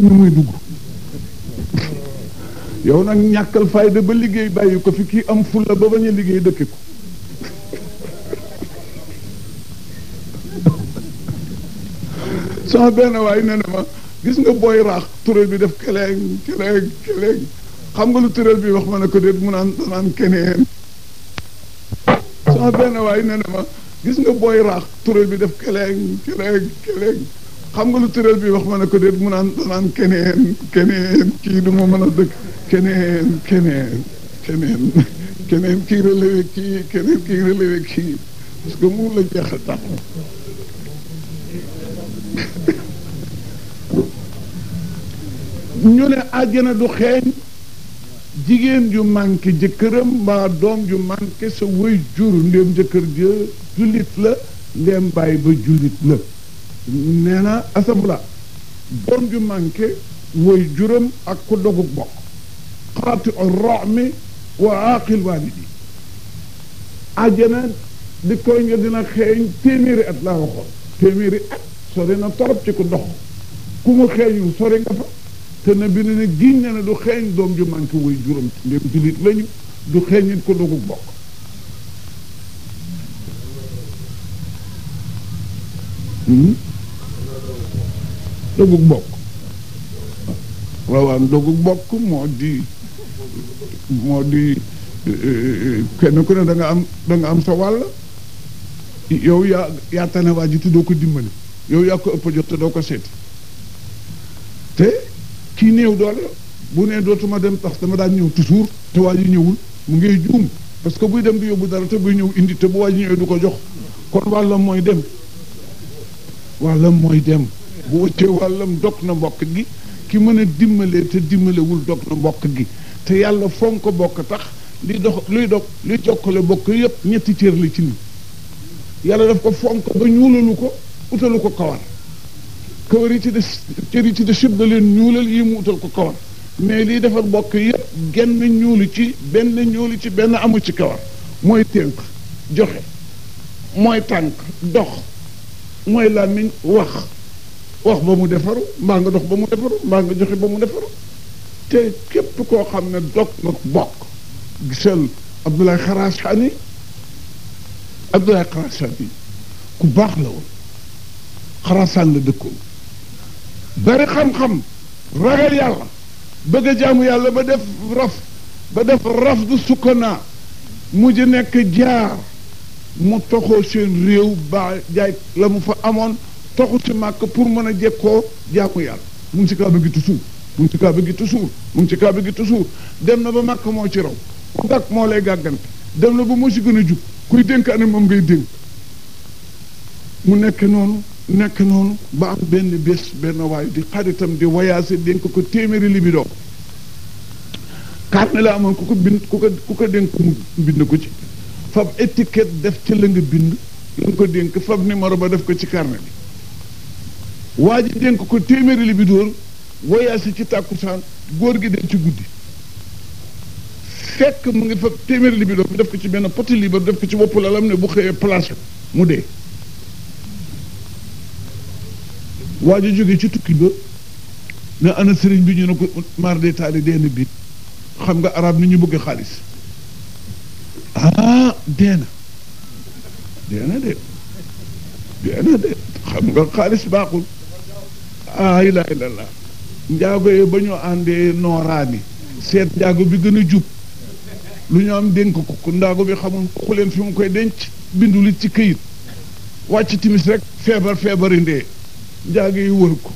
fekk muy dugg yow nag ñàkkal fayda ba liggéey bàyyi ko fi kii am fulla ba bañ a liggéey dëkk ko sama benn waay nee ma gis nga booy raax turel bi def keleeng keleeng keleeng xam nga lu turel bi wax ma ne ko déet mu naan danaan keneen sama benn waay nee na gis nga booy raax turel bi def xam nga lu tëral bii wax ma ne ko déet mu naan danaan keneen kii du mën a dëkk keneen keneen keneen keneen kii relevé kii keneen kii relevé kii parce que mu la jeex a tax ñu ne àjjana du xeeñ jigéen ju manqué jëkkëram mbaa doom ju manqué sa wëy jur ndéem jëkkër ja jullit la ndéem bàyyi ba jullit la nee na asabla bon ju manqué woy juróom ak ku dogug bokk xaati o romi wa aqil walidi ajjana di koy nga dina xeeñ téeméeri at laa waxoon téeméeri at sori na torop ci ku dox ku mu xeeñul sori fa te na bi ne ne du xeeñ doom ju manqué woy juróom ndem jullit lañu du xeeñ ku dogug bokk hmm? dogug bokk waawaaw dogug bokk moo di moo di kenn ku ne da nga am danga am sa wàll yow yaa yaa tane waa ji te doo ko dimbali yow yaa ko ëpp jot te doo ko seeti te kii néew doole bu nee dootuma dem tax dama daan ñëw toujours te waa ji ñëwul mu ngi juum parce que buy dem bi yóbbu dara te buy ñëw indi te bu waa ji du ko jox kon wàllam mooy dem wàllam mooy dem bu wëccee wàllam dog na mbokk gi ki mën a dimbalee te dimbalewul dog na mbokk gi te yàlla fonk ko bokk tax li dox luy dog luy jokkale bokk yépp ñetti cër la ci nit yàlla daf ko fonk ba ñuulalu ko utalu ko kawar kawar yi ci des cër yi ci de yëpp leen ñuulal yi mu utal ko kawar mais liy defar bokk yépp genn ñuulu ci benn ñuulu ci benn amul ci kawar mooy tënk joxe mooy tànk dox mooy làmmiñ wax wax ba mu defaru mbaa nga dox ba mu defaru mbaa nga joxe ba mu defaru te képp koo xam ne dog nga bokk gisal Abdoulaye Xarasani Abdoulaye Xarasani ku baax la woon xarasaan la dëkkoon bari xam-xam ragal yàlla bëgg a jaamu yàlla ba def raf ba def raf du sukkanaa mujj nekk jaar mu toxoo seen réew ba jaay la mu fa amoon toxu ci màkk pour mën a jekkoo jaamu yàlla mu ngi ci kaaba gi toujours mu ngi ci kaaba gi toujours mu ngi ci kaaba gi toujours dem na ba màkk moo ci raw ku gàkk moo lay gàggante dem na ba moo ci gën a jub kuy dénk ane moom ngay dénk mu nekk noonu nekk noonu ba am benn bés benn waay di xaritam di wayaase dénk ko téeméeri li bi doom kaat ne la amoon ku ko bind ku ko ku ko dénk mu bind ko ci fab étiquette def ci la nga bind la nga ko dénk fab numéro ba def ko ci carnet bi waa ji dénk ko téeméeri li bi dóor voyage ci tàkkusaan góor gi dem ci guddi fekk mu ngi fa téeméeri li bi dóor def ko ci benn poti libre def ko ci bopp lalam ne bu xëyee place mu dee waa ji jóge ci tukki ba ne ana sëriñ bi ñu ne ko mar de taali dee na biir xam nga arab ni ñu bëgg xaalis ah dee na dee dee na de xam nga xaalis baaxul ah ilaa illallah njaago yi ba ñu àndee nooraani seet njaago bi gën a jub lu ñu am dénk ko ndaago bi xamul ku fi mu koy denc bindul it ci këyit wàcc timis rek feebar feebari ndee njaago yi wër ko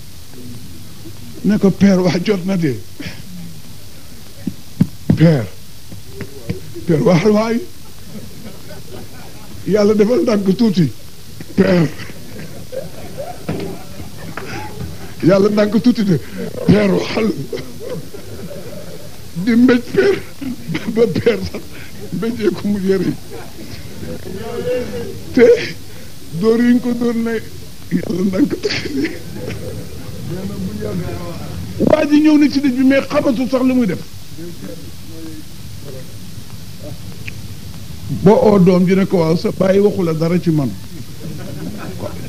ne ko père waa jot na dee père père wax waay yàlla defal ndànk tuuti père yàlla naa ko tuuti de peeru xal di mbéj peer ba peer sax mbéjee ko mu yëre te dóor yi ñu ko dóor ne yàlla naa ko tuuti waa ji ñëw na ci dëj bi mais xamatul sax lu muy def boo oo doom ji ne ko waaw sa bàyyi waxu dara ci man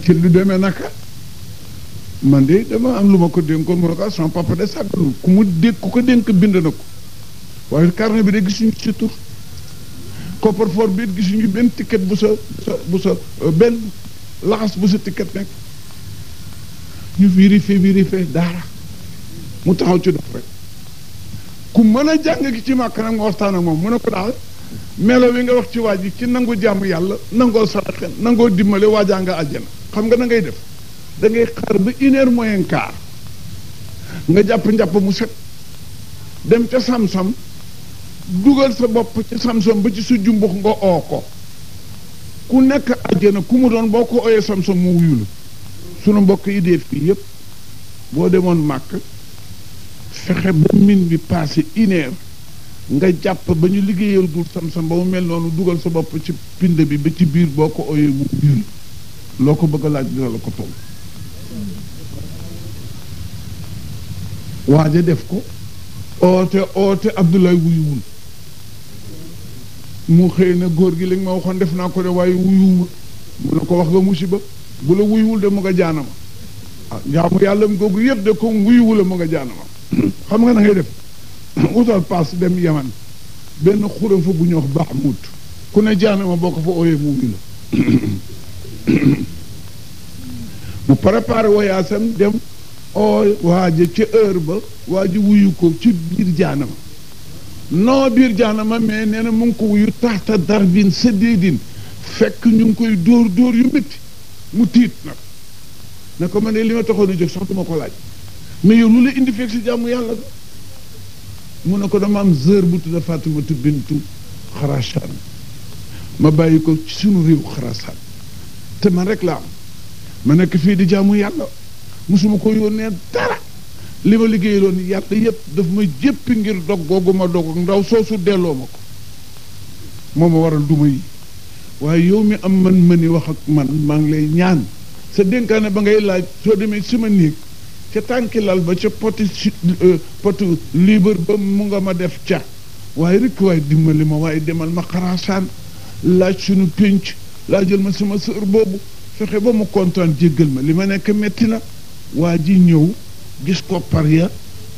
ci lu demee naka man de dama am lu ma ko dénkoon ko ah, mu dégg ku ko dénk bind na ko waaye carnet bi de gisuñu ci tur coffre-fort benn ticket bu sa euh, benn laxas bu sa ticket nekk ñu vérifié vérifié daara mu taxaw ci a jàng gi ci màkk nag nga waxtaan ak moom mu ne ko daal melo wi nga wax ci waa ji ci nangu jàmm yàlla nangoo saraxe nangoo dimbale waajaa nga àjjana xam nga na ngay def da ngay xaar ba une heure moyen nga jàpp njàpp mu set dem ca sam dugal sa bopp ci sam ba ci su jumbux nga oo ko ku nekk àjjana ku mu doon boo ko ooyee sam-sam mu wuyulu sunu mbokk yi dee fii yépp boo demoon màkk fexe ba min bi passé une nga jàpp ba ñu liggéeyal dul sam-sam ba mu mel noonu dugal sa bopp ci pind bi ba ci biir boo ko ooyee mu wuyulu loo ko bëgg laaj dina la ko toll waaja def ko oote oote Abdoulaye wuyuwul mu xëy na góor gi li ma waxoon def naa ko de waaye wuyuwul mu ne ko wax nga musiba bu la wuyuwul de mu nga jaanama ah yàlla mu googu yëpp de comme wuyuwul mu nga jaanama na ngay def utal paas dem yaman benn boo ko fa ooyee mu wuyu mu préparé wayaasam dem oo waaja ca heure ba waaja wuyu ko ci biir jaanama non biir jaanama mais nee na mu ngi ko wuyu taxta darbin sa déedin fekk ñu ngi koy dóor dóor yu métti mu tiit nag ne ko man de li ma taxoon a jóg sax duma ko laaj ma yow lu la indi fekk si jàmm yàlla ga mu ne ko dama am zër bu tudd Fatimatu bintu Xarasaan ma bàyyi ko ci suñu réew te man rek la am ma nekk fii di jàmm yàlla musuma ko yónnee dara li ma liggéeyaloon yàlla yépp daf ma jéppi ngir dog googu ma dog ndaw soosu delloo ma ko moo ma waral duma yi waaye yow mi am man ni wax ak man maa ngi lay ñaan sa dénkaane ba ngay laaj soo demee si ma néeg ca tànki lal ba ca poti euh, potu libre ba mu nga ma def ca waaye rekk waaye dimbali ma waaye demal ma xaraasaan laaj sunu pénc laajal ma sama sër boobu fexe ba mu kontaan jéggal ma li ma nekk metti na waa ji ñëw gis koppar ya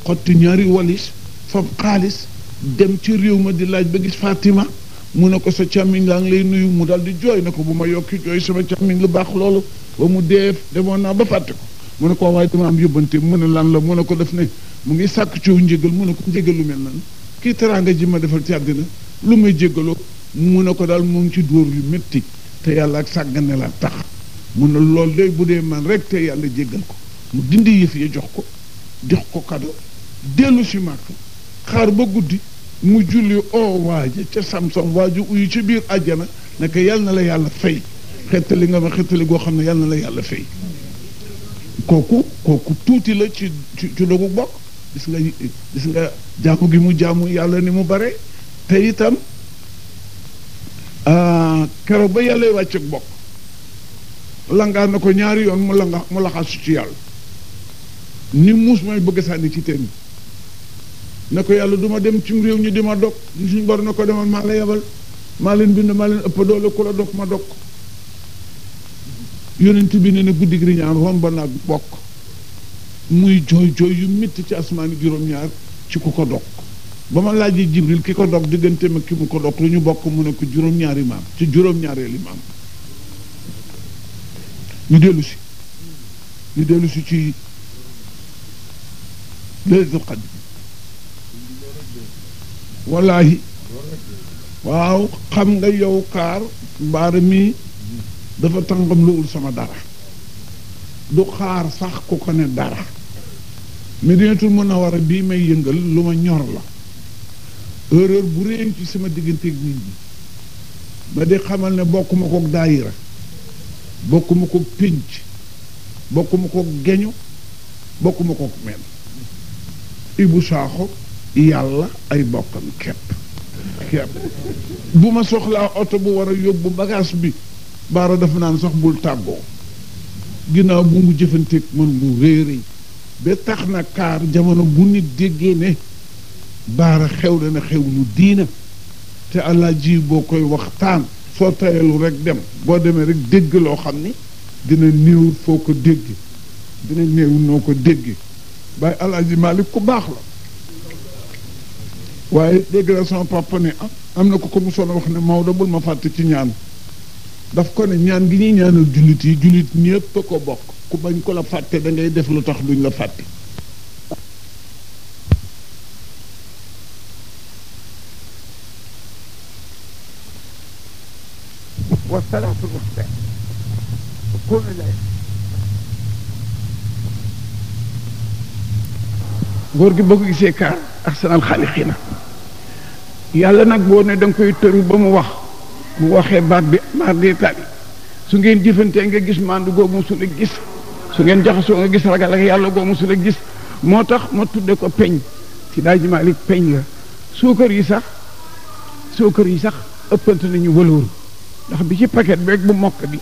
xotti ñaari walis fab xaalis dem ci réew ma di laaj ba gis Fatima mu ne ko sa càmmiñ laa ngi lay nuyu mu daal di jooy ne ko bu ma yokki jooy sama càmmiñ lu baax loolu ba mu dee demoon naa ba fàtte ko mu ne ko waaye dama am yóbbante mu ne lan la mu ne ko def ne mu ngi sàkk ciw njégal mu ne ko njégal lu mel nan kii teraanga ji ma defal ci àddina lu may jégaloo mu ne ko daal mu ngi ci dóor yu métti te yàlla ak sàggane la tax mu ne loolu day bu dee man rek yàlla jéggal ko mu dindi yëf yi jox ko jox ko kado dellu si màkk xaar ba guddi mu julli oo waaja ca samson waaja uyu ci biir àjjana ne ko na la yàlla fay xettali nga ma xettali goo xam ne yal na la yàlla fay kooku kooku tuuti la ci ci dogu bokk gis nga gis gi mu jaamu yàlla ni mu bare te itam ah, keroog ba yàlla wàcc ak bokk langaa na ko ñaari yoon mu langa mu laxasu ci yàlla ni muus may bëgg sànni ci teen na ko yàlla duma dem ci réew ñu di ma dog ñu suñu bor na ko demal maa la yebal maa leen bind maa leen ëpp doole ku la dog ma dog yonent bi ne na guddi gi ñaan romb naag bokk muy jooy jooy yu métti ci asmaan juróom-ñaar ci ku ko dog ba ma laajee jibril ki ko dog diggante ma ki mu ko dog lu ñu bokk mu ne ko juróom-ñaari maam ci juróom-ñaareeli maam ñu dellu si ñu dellu ci laylatul qadr wallaahi waaw xam nga yow kaar mbaara mii dafa tàngam luwul sama dara du xaar sax ku ko ne dara Medinatul Munawwara bii may yëngal lu ma ñor la erreur bu réy ci sama digganteeg nit ñi ba di xamal ne bokkuma kook daayira bokkuma kook pénc bokkuma kook geñu bokkuma kook meen bu Sakho yàlla ay bokkam kepp bu ma soxlaa oto bu war a yóbbu bagage bi baara dafa naan sax bul tàggoo ginnaaw bu mu jëfanteeg man bu réeréy ba tax na kaar jamono bu nit déggee ne baara xew na xew lu diina te alaaji boo koy waxtaan soo tayalu rek dem boo demee rek dégg loo xam ni dina néew foo ko dégg dina néew noo ko dégg Baye El Hadj Malick ku baax la waaye dégg la sama papa ne ah, am na ko ko mu a wax ne Maodo bul ma fàtte ci ñaan daf ko ne ñaan gi ñuy ñaanal jullit yi jullit ñëpp ko bokk ku bañ ko la fàtte da ngay def lu tax duñ la fàtte. wasalaatu góor gi boo ko gisee kaar ahsanal na yàlla nag boo ne danga koy tëru ba mu wax mu waxee baat bi baat di tali su ngeen jëfantee nga gis mandu goo musula gis su ngeen jaxasoo nga gis ragal ak yàlla su musula gis moo tax ma tudde ko peñ ci daaji Maalik peñ la suukar yi sax suukar yi sax ëppante nañu wëlóor ndax bi ci paquet beeg bu mokk bi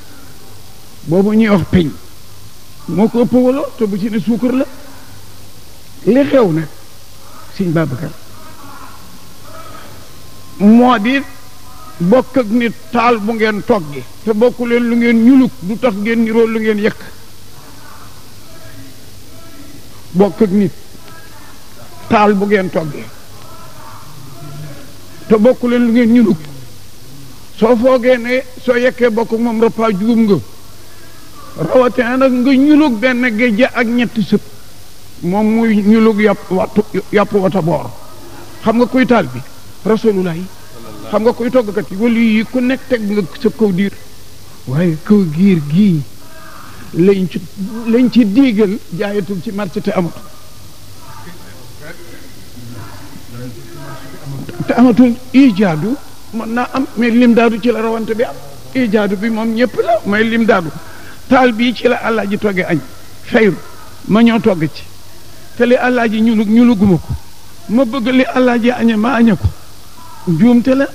boobu ñuy wax peñ moo ko ëpp wëlóor te bu ci ne suukar la li xew nag sëñ Babacar moo di bokk ak nit taal bu ngeen toggi te bokku leen lu ngeen ñuluk du tax ngeen niroo lu ngeen yëkk bokk ak nit taal bu ngeen toggi te bokku leen lu ngeen ñuluk soo foogee ne soo yekkee bokk moom repas juum nga rawatina nag nga ñuluk benn géej ak ñetti sëpp moom muy ñu lug watu yàpp wata xam nga kuy taal bi rasulullah yi xam nga kuy toggkat yi wala yi ku nekk teg nga sa kaw waaye kaw giir gii lañ ci lañ ci diigal jaayatul ci marché te amatul te amatul ijaadu mën naa am mais lim daadu ci la rawante bi am ijaadu bi moom ñëpp la mooy lim daadu taal bii ci la àllaaji toggee añ fayru ma ñoo togg ci te li àllaaji ñulu ñulu guma ko ma bëgg li àllaaji añe ma añe ko njuumte la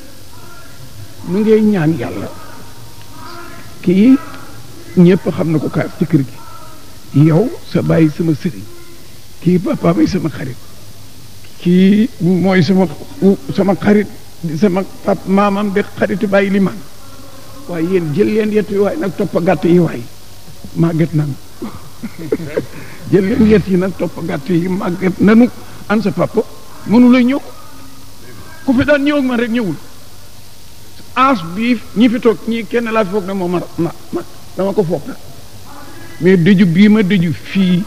mu ngay ñaan yàlla kii ñëpp xam na ko kaaf ci kër gi yow sa bàyyi sama sëriñ kii papa bay sama xarit kii mooy sama sama xarit sama pap maamam de xaritu bàyyi li waaye yéen jël leen yett yi waaye nag toppa gàtt yi waay màgget nan jël leen yet yi nag topp gàtt yi màgget nanu an sa papa mënu ñëw ku fi daan ñëw man rek ñëwul as bii ñi fi toog ñii kenn laa fi foog ne moom ma ma dama ko foog na mais dëju bii ma dëju fii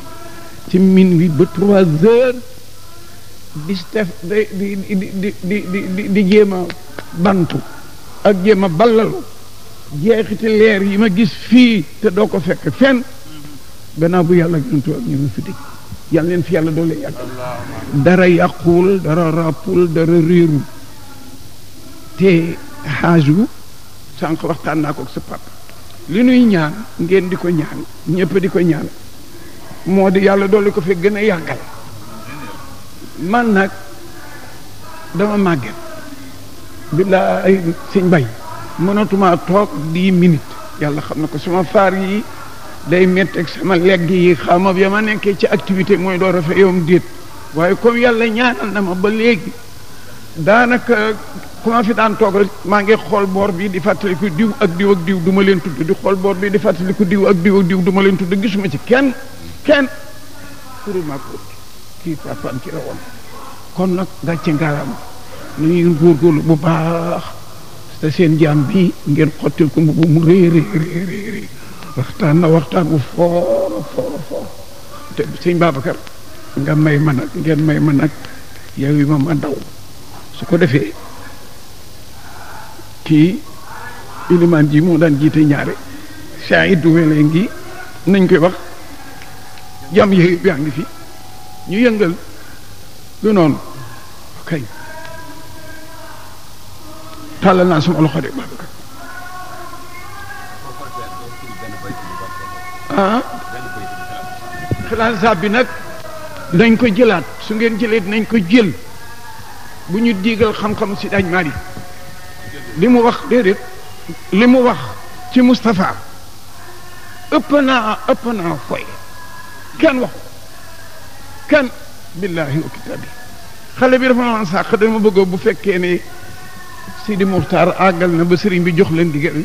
ci minuit ba trois heures di stef di di di di di di jéem a bantu ak jéem a jeexiti leer yi ma gis fii te doo ko fekk fenn gannaaw bu yàlla juntu ak ñu fi dikk yàlla leen fi yàlla doole yàgg dara yàquwul dara ràppul dara réerul te xaaj bu sànq waxtaan naa ko ak sa li nuy ñaan ngeen di ko ñaan ñëpp di ko ñaan moo di yàlla doole ko fi gën a yàggal man nag dama màgget billaay sëñ bay mënatumaa toog dix minutes yàlla xam na ko suma faar yi day metti ak sama legg yi xamab ya ma nekkee ci activité mooy doo a fa yom waaye comme yàlla ñaanal na ma ba léegi daanaka ku ma fi daan toog maa ngi xool boor bii di fàttaliku diw ak diw ak diw duma leen tudd di xool boor bi di fàttaliku diw ak diw ak diw leen tudd gisuma ci kenn kenn pour ma ko kii kon nag gàcce ngaram nu ñuy góorgóorlu bu baax te seen jaam bii ngeen xottil ko mbubu mu rëy rëy rëy rëy waxtaan na waxtaan wu foor foor foor te sëñ Babacar nga may ma nag ngeen may ma nag yow yi ma ma ndaw su ko defee ti ilimaan ji moo daan jiite ñaare saa it welee ngi nañ koy wax jàmm yéeg yaa ngi fi ñu yëngal lu noonu kay tàllal naa sama loxo de Babacar ah xilaasaab bi nag nañ ko jëlaat su ngeen jëlee nañ ko jël bu ñu diigal xam-xam si dañ mari li mu wax déedéet li mu wax ci Moustapha ëpp naa ëpp naa foy kenn wax kenn billahi wa kitaabi xale bi dafa ma woon sax ma bëggoon bu fekkee ne Sidi Mokhtar àggal na ba sëriñ bi jox leen digal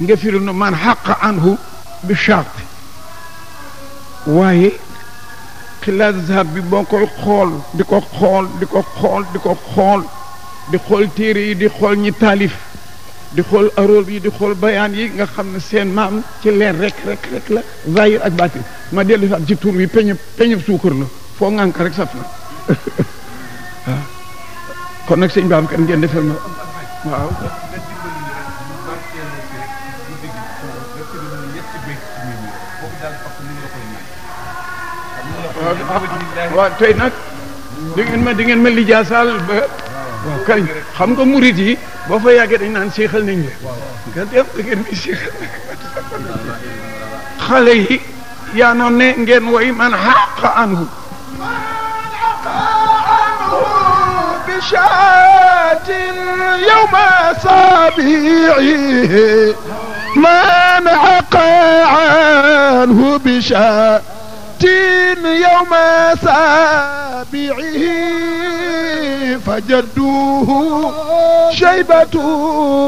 ngefiru na man xaq anhu bi charte waaye xilaas zahab bi boo koy xool di ko xool di ko xool di ko xool di xool téere yi di xool ñi taalif di xool arool yi di xool bayaan yi nga xam ne seen maam ci leen rek rek rek la zahir ak baatin ma dellu sax ci tur wi peñëb peñëb suukar la foo ŋànk rek saf na kon nag sëñ baam kan ngeen defal ma waaw waaw ah, waaw tey nag ma dingeen ma lijaasaal ba waaw kañ xam nga murit yi boo fa yàggee dañ naan seexal nañ leen nga def da ngeen mi seexal xale yi yaa noon ne ngeen woy man xaqa anhu بشاة يوم سابيعه ما انحق عنه بشاتين يوم سابعه فجدوه شيبة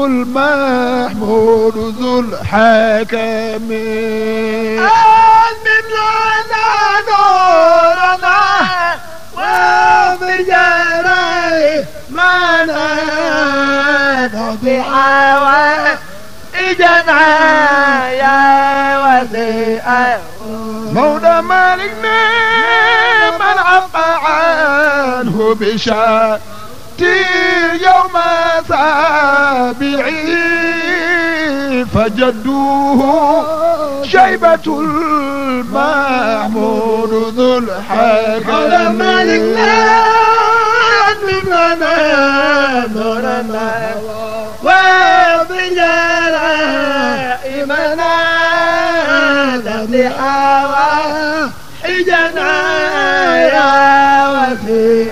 المحمود ذو الحكم آمن لنا نورنا وفي جاري ما نحن بحواه جماعة يا وسيع مولى مالكنا من عفى عنه بشار يوم سابعي فجدوه شيبة المحمود ذو الحق على مالكنا لنا نورنا وضيانا إيمانا الذي حوى حجنا يا وفي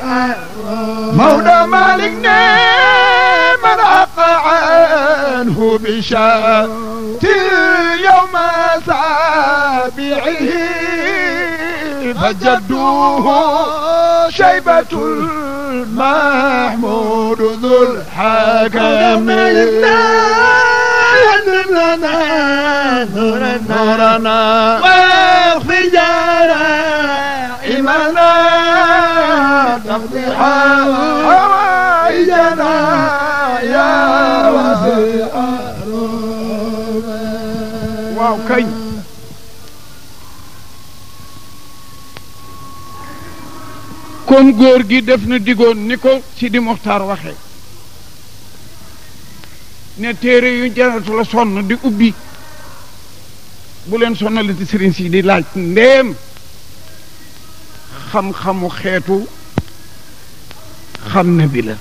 مولى مالكنا من أقع عنه بشات يوم سابعه فجدوه شيبة محمود ذو الحكم نورنا نورنا واغفر جارا إمانا تقضي حوائجنا يا وسيع واو كي kon góor gi def na digoon ni ko ci di Moxtaar waxee ne téere yu janatu la sonn di ubbi bu leen sonnalati sëriñ si di laaj ndéem xam-xamu xeetu xam na bi la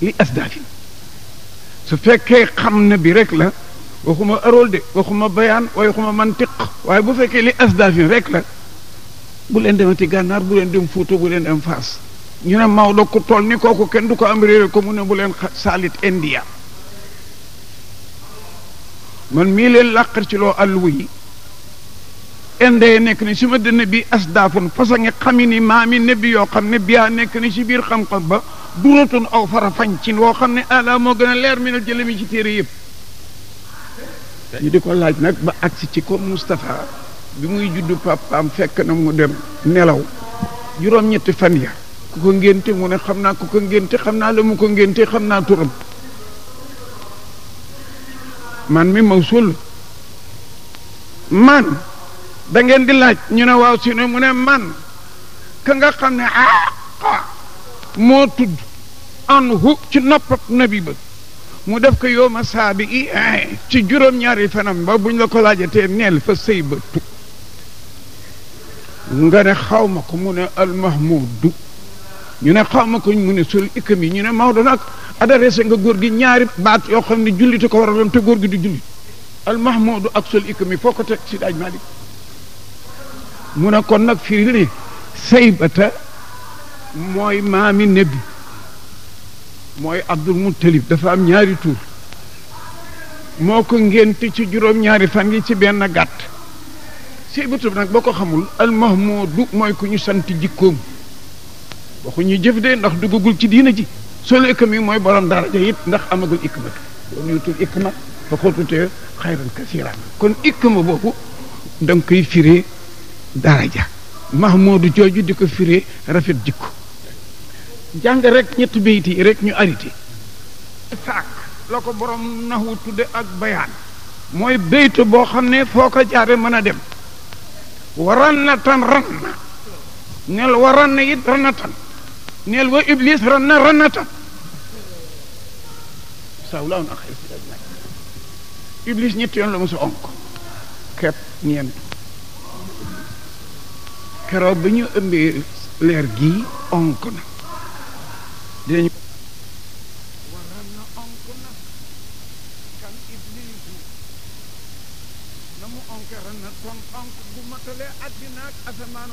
li asdaafi su fekkee xam na bi rek la waxuma arool de waxuma bayaan waxuma mantiq waaye bu fekkee li asdaafi rek la bu leen demati gànnaar bu leen dem Fuuta bu leen dem Faas ñu ne Maodo ku toll ni kooku kenn du ko am réere ko mu ne bu leen saalit India man mii leen làqar ci loo àlluwa yi indee nekk ni su ma dënn bi asdaafun façangi xami ni maami nebbi yoo xam ne biyaa nekk ni ci biir xam-xam ba duratun aw fara fancin woo xam ne ala moo gën a leer mi na jële ci téere yëpp ñu di ko laaj nag ba agsi ci ko Moustapha bi muy juddu papaam fekk na mu dem nelaw juróom-ñetti fan ya ku ko ngénte mu ne xam naa ku ko ngénte xam naa la mu ko ngénte xam naa turam man mi mawsul man da di laaj ñu ne waaw si ne mu ne man ka nga xam ne ah moo tudd anhu ci noppab nabi ba mu def ko yow ma saabi i ci juróom-ñaari fanam ba buñ la ko laajatee neel fa sëy ba tukk nga ne xaw ma ko mu ne almahmudu ñu ne xaw ma ko mu ne sul ikam yi ñu ne Maodo nag adressé nga góor gi ñaari baat yoo xam ne jullite ko war a doon te góor gi du jullit almahmudu ak sul ikam yi ko teg si daaj Malik mu ne kon nag firi ne saybata mooy maami nebi mooy Abdul Muttalib dafa am ñaari tuur moo ko ngénte ci juróom ñaari fan yi ci benn gàtt Cheikh Ibra Touré nag boo ko xamul almahmudu mooy ku ñu sant jikkoom waxuñu jëf de ndax duggagul ci diina ji solo ikam yi mooy borom daraja it ndax amagul ikma doon yutul ikma fa xotutee xayran kasira kon ikma boobu da nga koy firee daraja mahmudu jooju di ko firee rafet jikko jàng rek ñetti bayit yi rek ñu arité saak la ko borom nax wu tudde ak bayaan mooy baytu boo xam ne foo ko jaare mën a dem wa rannatan ranna neel wa ranna it rannatan neel wa iblis ranna rannatan sawlaawun ak ñetti yoon la mosa onk kepp ñeent keroog bi ñu ëmbee leer gii onk na asamaan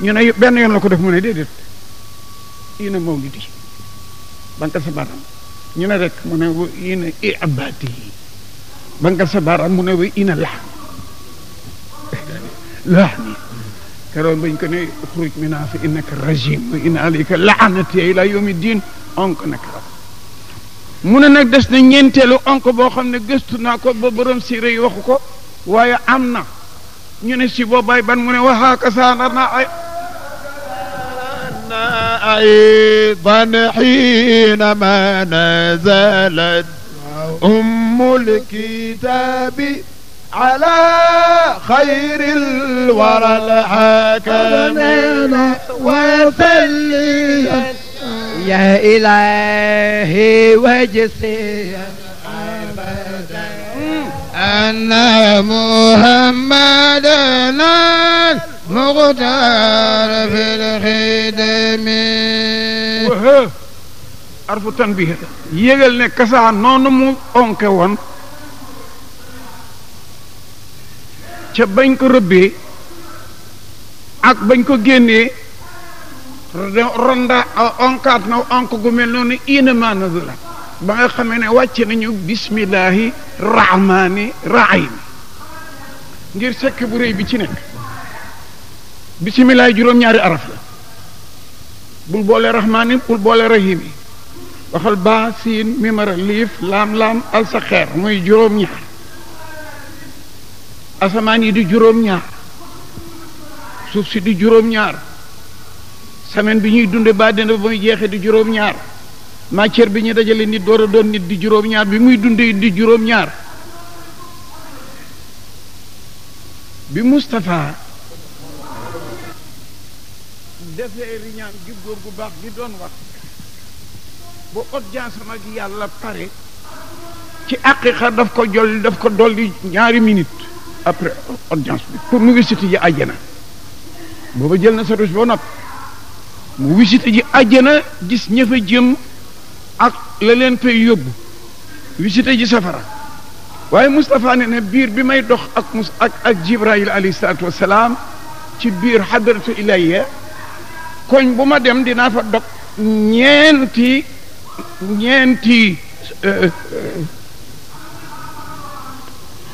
ñu ne benn yoon la ko def mu ne déedéet ina mawlidi banqal sa baaraam rek mu ne wa ina i abbaati banqal sa baaraam mu ne wa ina lax lax ni keroon bañ ko ne xuruj mi naa fa innaka rajim wa ina alayka laanati ila yawmi diin onk nag mu ne nag des na ñeenteelu onk boo xam ne gëstu naa ko ba borom siire yi waxu ko waaye am na ñu ne si boobaay ban mu ne waxaaka saanana ay أيضا حينما نزلت أم الكتاب على خير الورى الحكمين وسليا يا إلهي وجسيا أن محمدنا المختار في الخدم arfu tanbiih yégal ne kasaa noonu mu onke woon ca bañ ko rëbbee ak bañ ko génnee ronda onkaat na onk gu mel noonu inama nazala ba nga xamee ne wàcce nañu bismillahi rahmaani rahim ngir sekk bu réy bi ci nekk bismillahi juróom-ñaari araf la bul boole rahmaani bul boole rahim yi waxal baa siin mimara liif laam-laam alsaxeer muy juróom-ñaar asamaan yi di juróom-ñaar suuf si di juróom-ñaar semaine bi ñuy dunde ba dina muy jeexe di juróom-ñaar matière bi ñu dajale nit door a doon nit di juróom-ñaar bi muy dundee di juróom-ñaar bi Moustapha defee riñaan gi góor gu baax gi doon wax ba audience am yàlla pare ci aqiqa daf ko jolli daf ko dolli ñaari minute après audience bi pour mu visite ji àjjana booba jël na sa ruus ba noppi mu visite ji àjjana gis ña fa jëm ak la leen fay yóbbu wisite ji safara waaye Moustapha ne ne biir bi may dox ak mus ak ak Jibrayil alayhi salaatu wasalaam ci biir xadratu ilayya koñ bu ma dem dinaa fa dog ñeenti ñeenti euh, euh,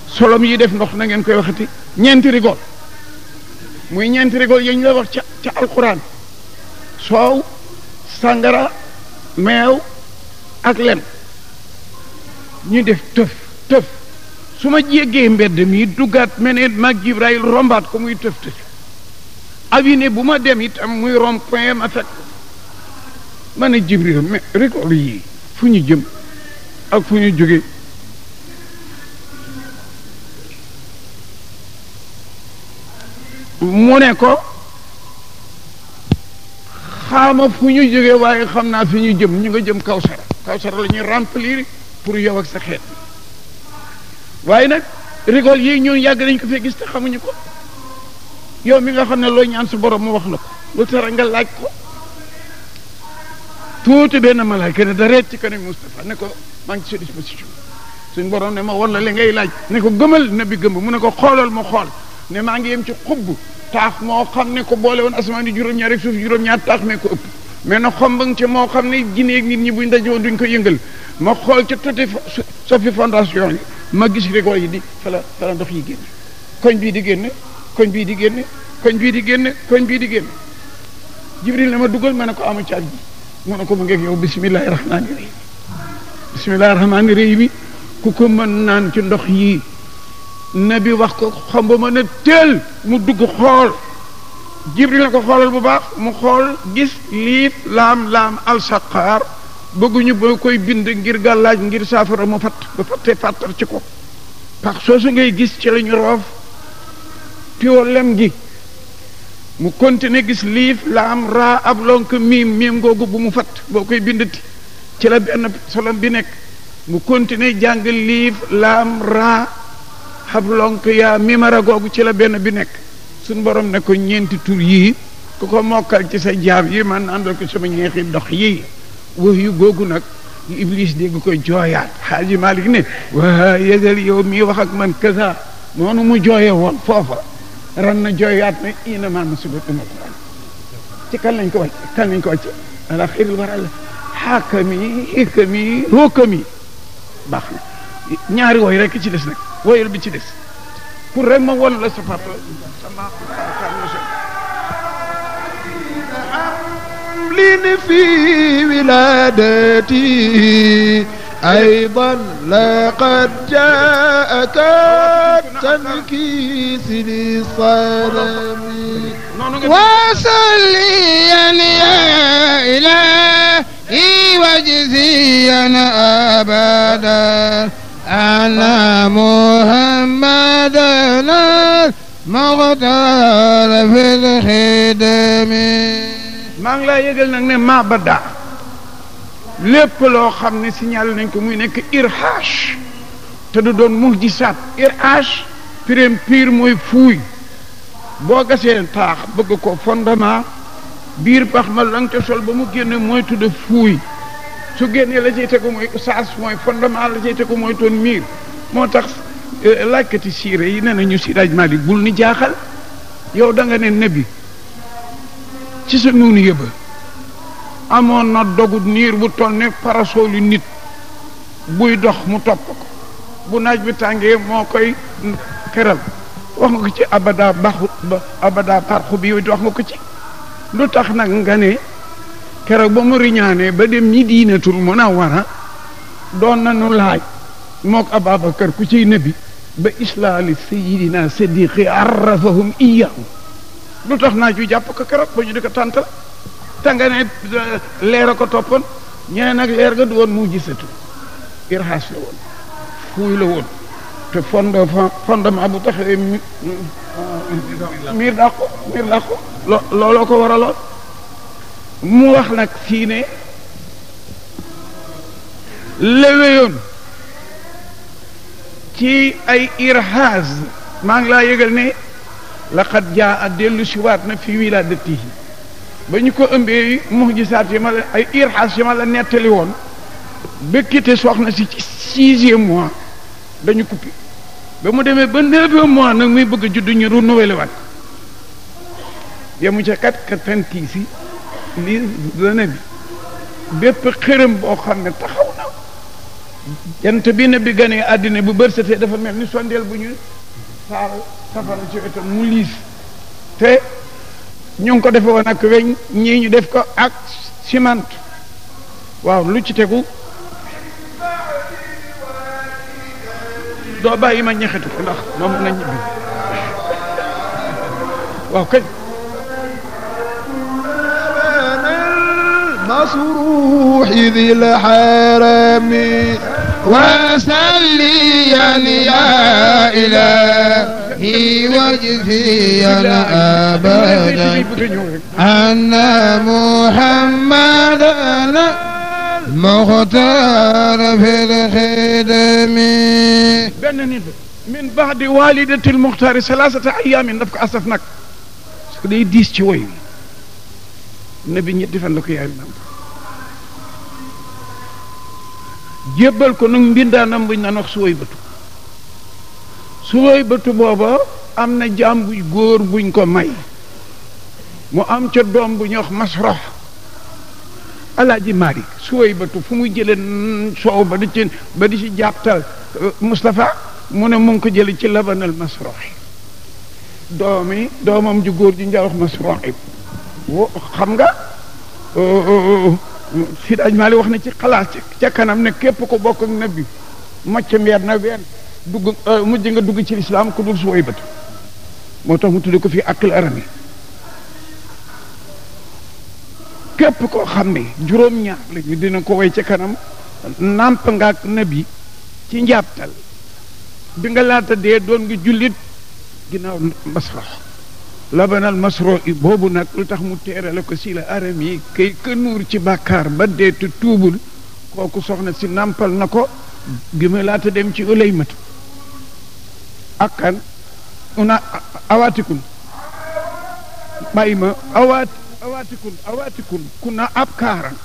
solom yi def ndox na ngeen koy waxati ñeenti rigol muy ñeenti rigol yañ la wax ca ca alquran soow sàngara meew ak lem ñu def tëf tëf su ma jéggee mbedd mi duggaat meneen mag Jibril rombaat ko muy tëf tëf aviné bu ma dem itam muy rom point ma fekk ma ne Jibril mais récolte yi fu ñu jëm ak fu ñu jóge mu ne ko xaama fu ñu jógee waaye xam naa fi ñu jëm ñu nga jëm kawsara kawsara la ñuy remplir pour yow ak sa xeet waaye nag rigol yi ñun yàgg nañ ko fee gis te xamuñu ko yow mi nga xam ne looy ñaan su borom mu wax la ko lu tara laaj ko tuuti benn malaayka ne da ci kanam ne ko maa ngi ci suñ borom ne ma won wala li ngay laaj ne ko gëmal nabi gëmb mu ne ko xoolal mu xool ne maa ngi yem ci xubb taax moo xam ne ko boole woon asamaan yi juróom-ñaar rek suuf juróom-ñaar taax mee ko ëpp mais na xombang ca moo xam ne jineeg nit ñi buñ dajowoon duñ ko yëngal ma xool ca toti sofi fondation yi ma gis rigor yi di fala fala ndox yi koñ bii di génne koñ bii di génne koñ bii di génne koñ bii di génn jibril ne ma dugal ma ne ko amu caab ji mu ne ko mu ngeeg yow bisimillahi rahmaani rahim bisimillahi rahmaani ku ko mën naan ci ndox yii bi wax ko ma ne teel mu dugg xool jibril na ko xoolal bu baax mu xool gis liif laam laam alsaqaar bëgguñu ba koy bind ngir gàllaaj ngir saafara mu fatt ba fatte fàttar ci ko pax soosu ngay gis ci lañu roof piwo lem gi mu kontine gis liif laam raa ab lonk miim miim googu bu mu fatt boo koy bindati ci la benn solom bi nekk mu kontine jàng liif laam raa xablonk yaa mimara googu ci la benn bi nekk suñ borom ne ko ñeenti tur yii ku ko mokkal ci sa jaam yi man àndal ko sama ñeexi dox yii wax yu googu nag iblis dégg ko jooyaat xaaji Malik ne waa yëgal yow mii wax ak man kasa noonu mu jooye woon foofa ran na jooyaat na ina maa masuba umaran ci kan lañ ko wàcc kan lañ ko wàcc ala xiril waral xaakami xikami róokami baax na ñaari wooy rek ci des nag woyal bi ci des pour rek ma won la sa papa sama lini fi wiladati ايضا لقد جاءك تنكيس للصرم وصليا يا الهي واجزيا ابدا أن محمدنا المختار في الخدم maa ngi laa yëgal nag ne mabada lépp loo xam ne siñal nañ ko muy nekk irhaash te du doon muhjisaat irhaash prime pire mooy fuuy boo gasee taax bëgg ko fondement biir pax ma la nga ca sol ba mu génne mooy tudd fuuy su génnee la ciy tegu mooy saas mooy fondement la ciy tegu mooy toon miir moo tax euh, laajkati siire yi nee nañu si daaj Malik bul ni jaaxal yow danga ne nabi ci sa nuunu yëba amoon na dogut niir bu toll ne parasoolu nit buy dox mu topp ko bu naaj bi tàngee moo koy xeral wax nga ko ci abada baxu abada parxu bi wax nga ko ci lu tax nag nga ne keroog ba mu riñaanee ba dem Madiinatul Munawwara doon nañu laaj mook Ababakar ku ciy nabi ba islaali sayidina siddiqi arrafahum iyahu lu tax naa ju jàpp ko keroog ba ñu di ko tàntal te nga ko toppoon ñee nag leer ga du woon mu gisatu irhaas la woon fuuy la woon te fondo fondement bu taxee miir dàqu miir dàqu looloo ko waraloon mu wax nag fii ne léwéyoon ci ay irhaas maa ngi laa yëgal ne laqad jaa a dellu waat na fi wilaadatihi ba ñu ko ëmbee mujisaat yi ma la ay irhaas yi ma la nettali woon békkite soxna si ci sixième mois dañu coupé ba mu demee ba neuvième mois nag muy bëgg a judd ñu renouvelé waat yemu ca kat quatre-vingt-six lii dana bi bépp xërëm boo xam ne taxaw na jant bi ne ganee àddina bu bërsatee dafa mel ni sondeel bu ñu saal safara ci wetam mu liis te ñu ngi ko defe woon ak weñ ñii ñu def ko ak ciment waaw lu ci tegu doo bàyyi ma ñaxetu ndax moom nañ ñibbi waaw kañ مسروح ذي الحرم وسليا يا إلهي وجزيا أبدا أن محمدا المختار في الخدم من بعد والدة المختار ثلاثة أيام دفك أسف نك day diis ci woy ne bi ñetti fan la ko yaayam nàmp jébbal ko nag mbindaanam buñ naan wax suwoy bëtu suwoy bëtu booba am na jaam bu góor buñ ko may mu am ca doom bu ñuy wax masrox alaaji maari suwoy bëtu fu mu jële soow ba di ci ba di euh, mu ne mu ko jële ci labanal masrox doomi doomam ju góor ji njawax masrox wo xam nga euh, euh, euh, Sidi Ajmali wax na ci xalaas ca kanam ne képp ko bokk ak nabi macca mbeer na ween dugg mujj nga dugg ci lislaam ku dul suwoy bët moo tax mu tudde ko fii akil arami képp ko xam ni juróom-ñaar lañu dina ko way ca kanam nàmp nga ak nabi ci njàptal bi nga laata dee doon nga jullit ginnaaw mbas labanal masro i boobu nag lu tax mu teerale ko si la aram kënuur ci bàkkaar ba deetu tuubul kooku soxna si nàmpal na ko gima laata dem ci ëlëymatu ak una awaatikun bàyyi ma awaat awaatikun awaatikun kuna abkaaran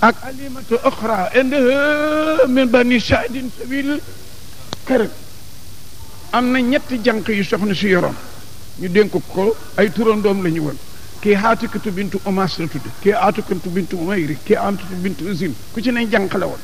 ak alimatu oxra indaha min bani saadin sabil kërëm am na ñetti janq yu soxna si yoroon ñu dénk ko ay turandoom la ñu woon kii xaatikatu bintu Omas la tudd kii aatikatu bintu Umayri kii aatikatu bintu Usine ku ci ne jànq woon